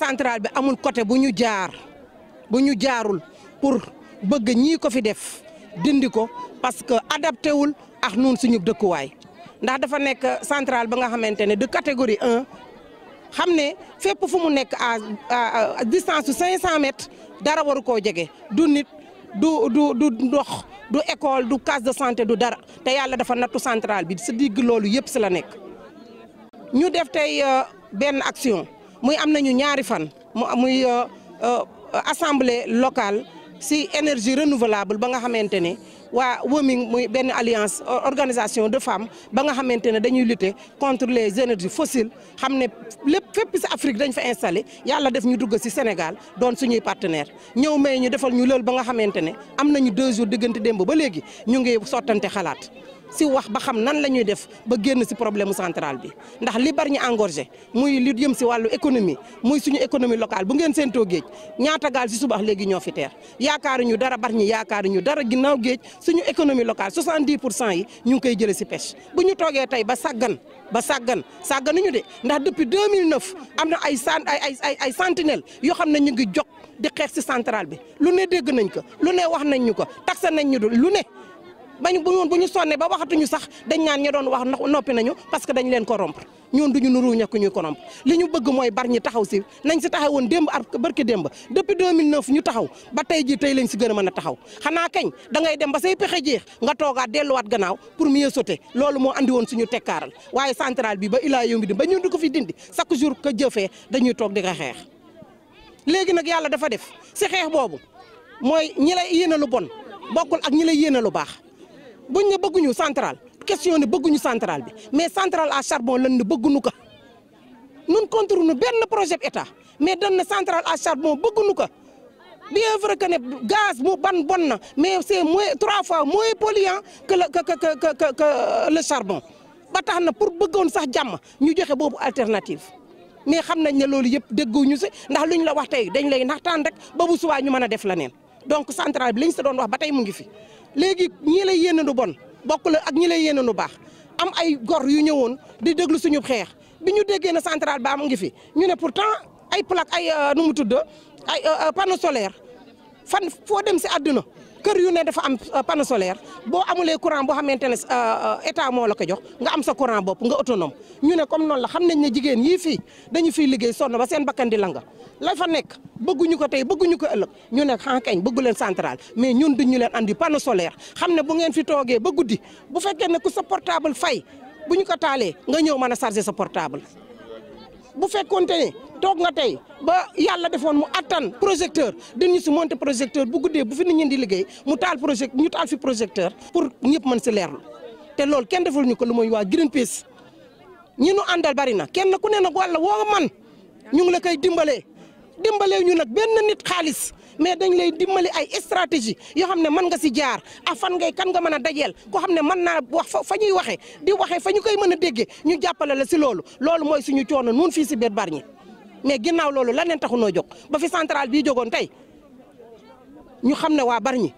mooy bi amul côté bu ñu jaar bu ñu jaarul pour bëgg ñii ko fi def dindi ko parce que adapté wul ak nun suñu dëkkuwaay ndax dafa nekk centrale bi nga xamante ne de catégorie un xam ne fépp fu mu nekk à distance su 500 mètres dara waru koo jege du nit du du du ndox du école du case de santé du dara te yàlla dafa nattu centrale bi si digg loolu yëpp si la nekk ñu def tey euh, benn action. muy am ñaari fan mu muy euh, euh, assemblée locale si énergie renouvelable ba nga xamantene Wa Woming muy ben alliance euh, organisation de femmes ba nga xamantene dañuy lutter contre les énergies fossiles xamné lepp lépp ci Afrique dañ fa installer yalla def ñu dugg ci Sénégal doon suñuy partenaire ñew may ñu defal ñu loolu ba nga xamantene ne am nañu deux jours diggante démb ba légui ñu ngi sottante xalaat si wax ba xam nan la ñuy def ba génn si problème mu centrale bi ndax li bari ñu engorgé muy li jëm si wàllu économie muy suñu économie locale bu ngeen séentoo géej ñaata gaal si léegi ñoo fi teer yaakaaruñu dara bari ñu yaakaaruñu dara ginnaaw géej suñu économie locale 70 pour cent yi ñu ngi koy jëlee si pêche bu ñu toogee tey ba sàggan ba sàggan sàgganuñu de ndax depuis 2009 am na ay sant ay ay ay sentinelle yoo xam ne ñu ngi jox di xeex si centrale bi lu ne dégg nañ ko lu ne wax nañ ñu ko taxe nañ ñu du lu ne. bañ bu ñun bu ñu sonnee ba waxatuñu sax dañ ñaan ñu doon wax noppi nañu parce que dañ leen ko corrompre ñoon duñu nuru ñak ñuy corrompre li ñu bëgg moy bar ñi taxaw ci nañ ci taxaw won demb ar barki demb depuis 2009 ñu taxaw ba tay ji tay lañ ci gëna mëna taxaw xana kañ da ngay dem ba say pexé jeex nga toga déllu wat gannaaw pour mieux sauter loolu mo andi won suñu tekkaaral waye central bi ba ilaa yombi di ba ñu di ko fi dindi chaque jour ko jëfé dañuy tok di ko xeex léegi nag yàlla dafa def ci xex bobu moy ñi lay yéena lu bon bokul ak ñi lay yéena lu bax buñ ne centrale question de centrale Mais mais centrale à charbon Nous ne bëgguñu ko Nous contrôlons le projet état mais la le centrale à charbon bëgguñu bien vrai que le gaz mais c'est trois fois moins polluant que le charbon pour que sax ñu alternative mais nous savons des loolu yëpp la la centrale bi liñ sa léegi ñi lay yénnu nu bon bokk la ak ñi lay yénnu bax am ay gor yu ñëwoon di dégglu suñu xéx biñu déggé na ne centrale ba am ngi fi ñu né pourtant ay plaque ay euh, numu mu tudd ay euh, euh, panneau solaire fan fo dem ci aduna kër yu ne dafa am euh, panneau solaire boo amulee courant boo xamante ne euh, euh, état moo la ko jox nga am sa courant bopp nga otonom ñu ne comme noonu la xam nañ ne jigéen yii fii dañu fiy liggéey sonn ba seen bakkan langa la fa nekk bëgguñu ko tey bëgguñu ko ëllëg ñu ne xanaa bëgguleen bëggu leen centrale mais ñun duñ ñu leen andi panneau solaire xam ne bu ngeen fi toogee ba guddi bu fekkee ne ku sa portable fay bu ñu ko taalee nga ñëw mën a charger sa portable bu fekkoonte ne tok nga tay ba yalla defone mu atane projecteur dañu si monter projecteur bu guddee bu fi nit ñi di liggéey mu taal projecteur ñu taal fi projecteur pour ñepp mën ci leerlu té lool kenn deful ñu ko lu moy wa Greenpeace ñi nu àndal bari na kenn ku neena wala wo man ñu ngi la kay dimbalé dimbalé ñu nak ben nit xaalis mais dañ lay dimbali ay stratégie yo xamné man nga ci jaar a fan ngay kan nga mëna dajel ko xamné man na wax fañuy waxé di waxé fañu koy mëna déggé ñu jappalé la ci loolu loolu moy suñu coono nun fii si biir Bargny mais ginnaaw loolu lan leen taxu noo ba fi centrale bi jógoon tey ñu xam ne waa Bargny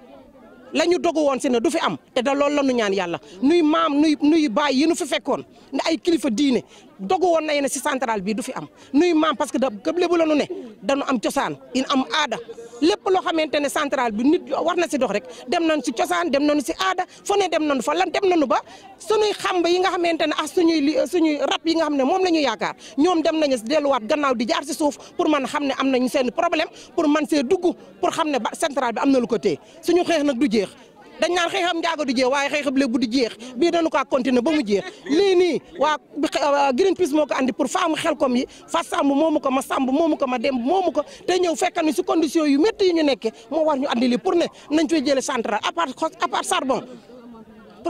la ñu dogu woon si ne du fi am te da loolu la ñu ñaan yàlla nuy maam nuy nuy baa yi nu fi fekkoon ne ay kilifa diine dogu woon nañu ne si centrale bi du fi am nuy maam parce que da képp lébu la nu ne dañu am cosaan in am aada lépp loo xamante ne centrale bi nit war na si dox rek dem nañ si cosaan dem nañu si aada fu ne dem nañu fa lan dem nañu ba suñuy xamba yi nga xamante ne ah suñuy li suñuy rab yi nga xam ne moom la ñu yaakaar ñoom dem nañu si delluwaat gannaaw di jaar si suuf pour man xam ne am nañu seeni problème pour man see dugg pour xam ne ba centrale bi am na lu ko téye suñu xeex nag du jeex. dañ naan xëy xam njaago du jeex waaye xëy xam bu du jeex bii dañu ko continuer ba mu jeex lii nii waa Greenpeace moo ko andi pour xel kom yi fa sàmb moomu ko ma sàmb moomu ko ma dem moomu ko te ñëw fekkal ni si condition yu métti yi ñu nekkee moo war ñu andi lii pour ne nañ fay jëlee central à part à part charbon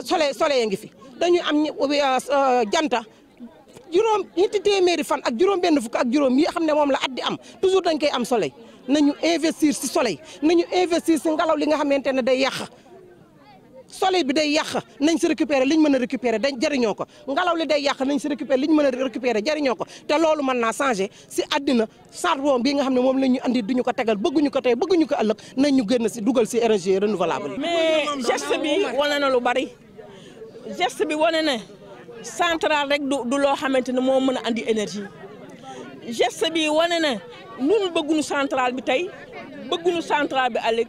soleil soleil ngi fi dañuy am euh, janta juróom ñetti téeméeri fan ak juróom benn fukk ak juróom yi xam ne moom la at di am toujours dañ koy am soleil nañu investir si soleil nañu investir si ngelaw li nga xamante ne day yàq soleil bi day yàq nañ si récupérer liñ mën a récupérer dañ jariñoo ko ngelaw li day yàq nañ si récupérer liñ mën a récupérer jariñoo ko te loolu mën naa changé si addina àddina charbon bi nga xam ne moom la ñu andi duñu ko tegal bëgguñu ko tey bëgguñu ko ëllëg nañ ñu gën si dugal si énergie renouvelable mais geste bi wane na lu bari geste bi wane na centrale rek du du loo xamante ne moo mën a andi énergie geste bi wane na ñun bëgguñu centrale bi tey bëgguñu centrale bi ëllëg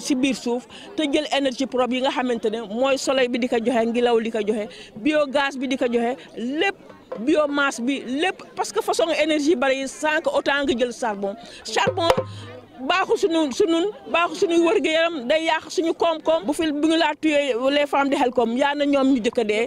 si biir suuf te jël énergie probe yi nga xamante ne mooy soleil bi di ko joxe ngelaw di ko joxe biogaz bi di ko joxe lépp biomasse bi lépp parce que façon énergie bari yi sans que autant nga jël charbon charbon baaxul suñu suñu baaxul suñu wërgu yaram day yàq suñu koom-koom bu fi bu ñu laa tuyee les femmes di xel kom yaa na ñoom ñu jëkk dee